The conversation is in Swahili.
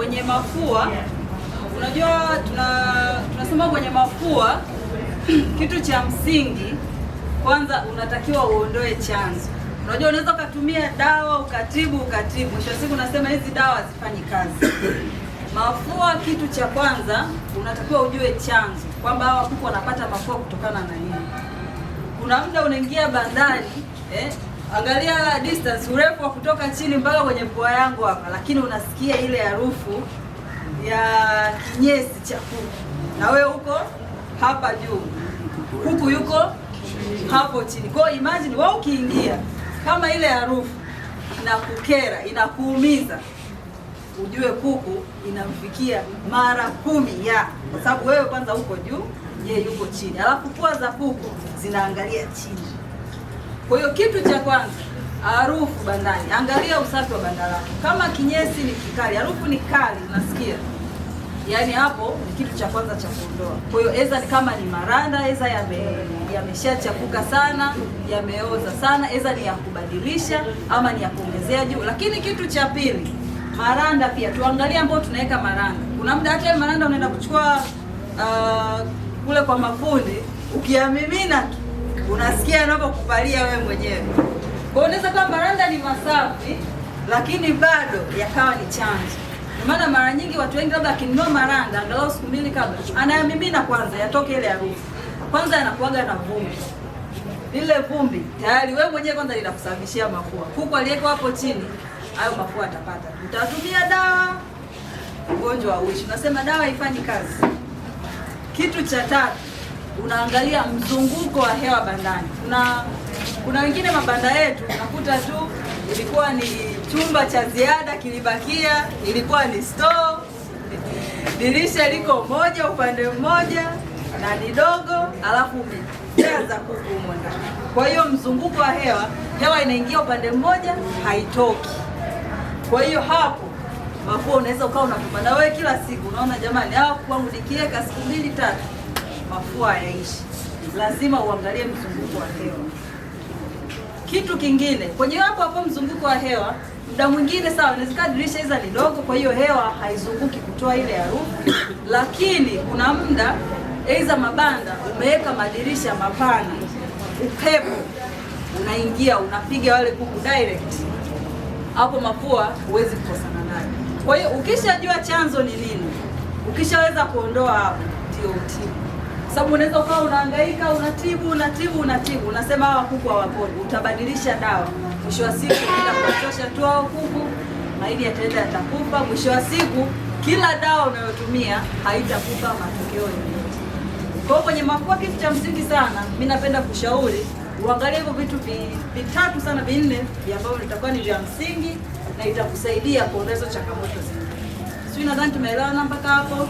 kwenye mafua, unajua tuna tunasema kwenye mafua kitu cha msingi kwanza, unatakiwa uondoe chanzo. Unajua unaweza ukatumia dawa ukatibu ukatibu, mwisho siku unasema hizi dawa hazifanyi kazi. Mafua kitu cha kwanza unatakiwa ujue chanzo, kwamba hawa kuku wanapata mafua kutokana na nini. Kuna muda unaingia bandari eh, angalia distance, urefu wa kutoka chini mpaka kwenye pua yangu hapa, lakini unasikia ile harufu ya kinyesi cha kuku, na wewe uko hapa juu, kuku yuko hapo chini. Kwa hiyo imagine wewe ukiingia, kama ile harufu inakukera, inakuumiza ujue kuku inamfikia mara kumi ya kwa sababu wewe kwanza uko juu, yeye yuko chini, alafu pua za kuku zinaangalia chini. Kwa hiyo kitu cha kwanza harufu bandani, angalia usafi wa banda lako. Kama kinyesi ni kikali, harufu ni kali, unasikia yaani, hapo ni kitu cha kwanza cha kuondoa. Kwa hiyo eza kama ni maranda, eza yameshachafuka sana, yameoza sana, eza ni ya kubadilisha ama ni ya kuongezea juu. Lakini kitu cha pili, maranda pia tuangalie, ambao tunaweka maranda, kuna muda hata maranda unaenda kuchukua uh, kule kwa mafundi, ukiamimina unasikia anavyokubalia wewe mwenyewe. Kwa unaweza kuwa maranda ni masafi lakini bado yakawa ni chanzo. Maana mara nyingi watu wengi labda akinunua maranda angalau siku mbili kabla anayamimina kwanza yatoke ile harufu. Kwanza yanakuaga na vumbi. Lile vumbi tayari wewe mwenyewe kwanza linakusababishia mafua. Kuku aliyeko hapo chini hayo mafua atapata. Utatumia dawa ugonjwa wa uishi. Unasema dawa haifanyi kazi. Kitu cha tatu unaangalia mzunguko wa hewa bandani. Kuna kuna wengine mabanda yetu unakuta tu ilikuwa ni chumba cha ziada kilibakia, ilikuwa ni store, dirisha liko moja upande mmoja na ni dogo, alafu za kuku humo ndani. Kwa hiyo mzunguko wa hewa, hewa inaingia upande mmoja haitoki. Kwa hiyo hapo mafua unaweza ukawa unakumbana wewe kila siku, unaona jamani, hawa kwangu nikiweka siku mbili tatu mafua hayaishi, lazima uangalie mzunguko wa hewa. Kitu kingine kwenye hapo hapo mzunguko wa hewa, muda mwingine sawa, inawezekana dirisha hizo ni dogo, kwa hiyo hewa haizunguki kutoa ile harufu, lakini kuna muda aidha mabanda umeweka madirisha mapana, upepo unaingia unapiga wale kuku direct hapo, mafua huwezi kukosana nayo. Kwa hiyo ukishajua chanzo ni nini, ukishaweza kuondoa hapo, ndio utibu sababu unaweza ukawa unahangaika unatibu unatibu unatibu, unasema hawa kuku hawaponi, utabadilisha dawa, mwisho wa siku kila kuwachosha tu hao kuku, maini yataenda yatakufa. Mwisho wa siku kila dawa unayotumia haitakupa matokeo yoyote. Kwa hiyo kwenye mafua, kitu cha msingi sana, mi napenda kushauri uangalie hivyo vitu vitatu sana vinne ambavyo vitakuwa ni vya msingi na itakusaidia kuongeza changamoto zingine. Sijui, nadhani tumeelewana mpaka hapo.